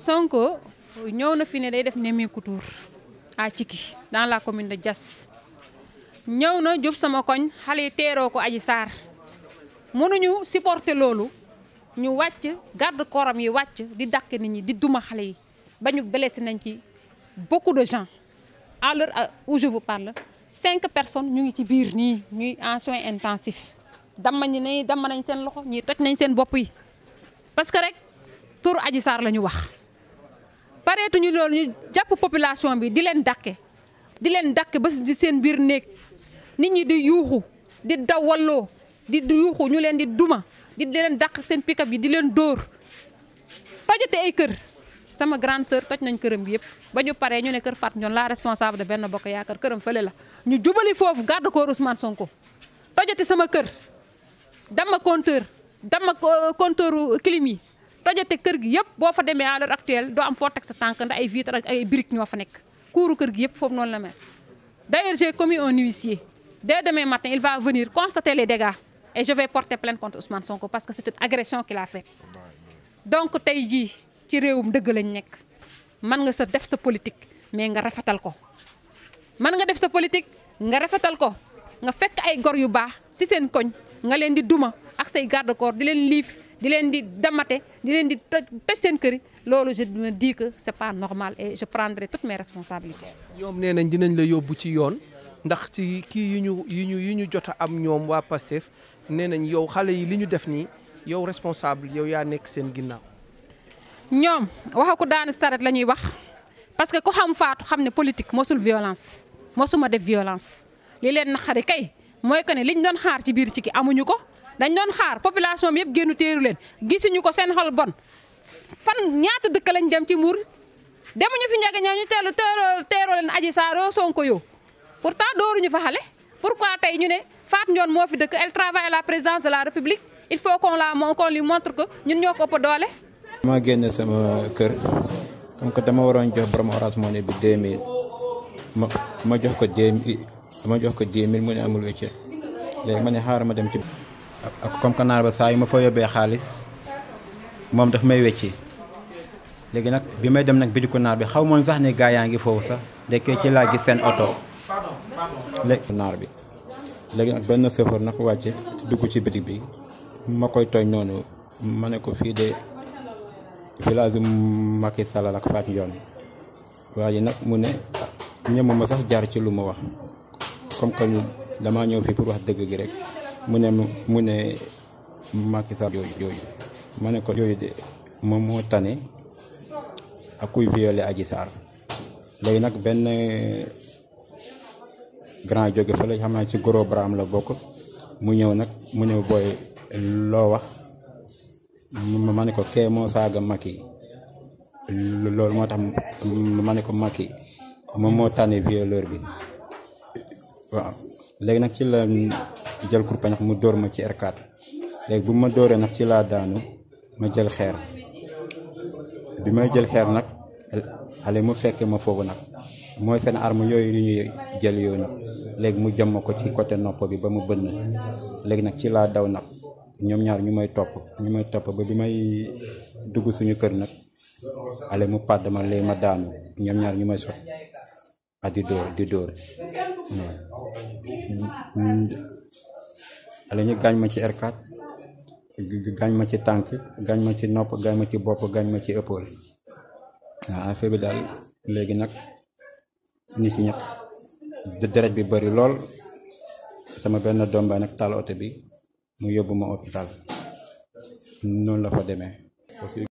Sonko ñëw na fi ne day def nemmeeku tour à Cikki dans la commune de Diass ñëw na jub sama koñ xale yi teeroo ko Adji Sarr mënuñu supporter loolu ñu wàcc garde corps yi wàcc di dàq nit ñi di duma xale yi ba ñu blessé nañ ci beaucoup de gens à ak où je vous parle cinq personnes ñu ngi ci biir nii ñuy en intensif intensifs damma ñi ne damma nañ seen loxo ñii toj nañ seen bopp yi parce que rek tur Adji Sarr la ñu wax pareetuñu loolu ñu jàpp population bi di leen dàkke di leen dàkke ba di seen biir néeg nit ñi di yuuxu di dawaloo di yuuxu ñu leen di duma di leen daq seen pick-up yi di leen dóor tojate ay kër sama grande sœur toj nañ këram bi yëpp ba ñu paree ñoo ne kër Fatou Ndione la responsable benn bokk yaakaar këram fële la ñu jubali foofu garde corps Ousmane Sonko tojate sama kër dama compteur dama euh, compteuru clim yi tojate kër gi yëpp boo fa demee à l'heure actuelle doo am foo teg sa tànk ndax ay vitre ak ay briques ñoo fa nekk kuuru kër gi yëpp foofu noonu la mel d'ailleurs j'ai commis un huissier dès demain matin il va venir constater les dégâts et je vais porter plainte contre Ousmane parce que c'est une agression qu'il a faite donc tey jii ci réewum dëgg lañ nekk mën nga sa def sa politique mais nga rafetal ko mën nga def sa politique nga rafetal ko nga fekk ay gor yu baax ci seen koñ nga leen di duma ak say garde di leen liif di leen di damate di leen di toj toj seen kër yi loolu je me dis c'est pas normal et je prendrai toutes mes responsabilités. ñoom nee nañ dinañ la yóbbu ci yoon ndax ci kii yu ñu yu ñu yu ñu jot am ñoom waa Pastef nee nañ yow xale yi li ñu def nii yow responsable yow yaa nekk seen ginnaaw. ñoom waxaku daanu staret la ñuy wax parce que ku xam faatu xam ne politique mosul violence mosuma def violence li leen naxari kay mooy que ne liñ doon xaar ci biir ci ki amuñu ko. dañ doon xaar population bi yëpp génnu téeru leen gisuñu ko seen xol bon fan ñaata dëkk lañ dem ci Mbour demuñu fi njëge ñëw ñu teelu teeroo teeroo leen Adji Sarr Sonko yow pourtant dooruñu fa xale pourquoi tey ñu ne Fatou ñoon moo fi dëkk elle travaille à la présidence de la République il faut qu'on la qu'on lui montre que ñun ñoo ko ëpp doole. dama génne sama kër comme que dama waroon jox borom Orange Money bi 2000 ma ma jox ko 2000 ma jox ko 10 000 mu ne amul wéccé ma ne ma dem ci. ak comme que naar ba saa yu ma fa yóbbee xaalis moom daf may wecci léegi nag bi may dem nag bi naar bi xaw moon sax ni gaa yaa ngi foofu sax dekkee ci laa gis seen oto léegi naar bi léegi nag benn chauffeur na wàcce dugg ci bitig bi ma koy tooñ noonu ma ne ko fii de village bi Macky Sall ak Fatou yoon waa ji nag mu ne ñëmuma sax jaar ci lu ma wax comme que damaa ñëw fii pour wax dëgg gi rek mu ne mu ne Macky Sall yooyu ma ne ko yooyu de moom moo tane ak kuy violé Adji Sarr léegi nag benn grand jóge fa la xam naa ci gros bras la bokk mu ñëw nag mu ne booy loo wax ma ne ko kee moo saaga Macky loolu moo tax ma ne ko Macky moom moo tane violeur bi waaw léegi nag ci la jël kurpañ mu dóor ma ci R4 léegi bu ma dóoree nag ci laa daanu ma jël xeer bi may jël xeer nag ale mu fekkee ma foofu nag mooy seen arme yooyu yu ñuy jël yooyu nag léegi mu jëm ma ko ci côté noppo bi ba mu bënn léegi nag ci laa daw nag ñoom ñaar ñu may topp ñu may topp ba bi may dugg suñu kër nag ale mu pàdd ma léegi ma daanu ñoom ñaar ñu may sot a ah, di dóor di dóor wala ñu gaañ ma ci R4 gaañ ma ci tànk gaañ ma ci nopp gaañ ma ci bopp gaañ ma ci épaule waaw affaire bi daal léegi nag nit ci ñett deret bi bari lool sama benn doom baa nag taal oto bi mu yóbbu ma hôpital noonu la fa demee